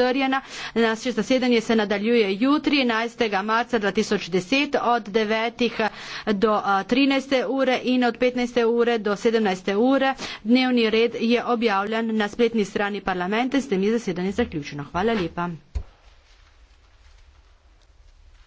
strjena. Naše zasedanje se nadaljuje jutri, 11. marca 2010 od 9. do 13. ure in od 15. ure do 17. ure. Dnevni red je objavljen na spletni strani parlamenta in s tem je zasedanje zaključeno. Hvala lepa.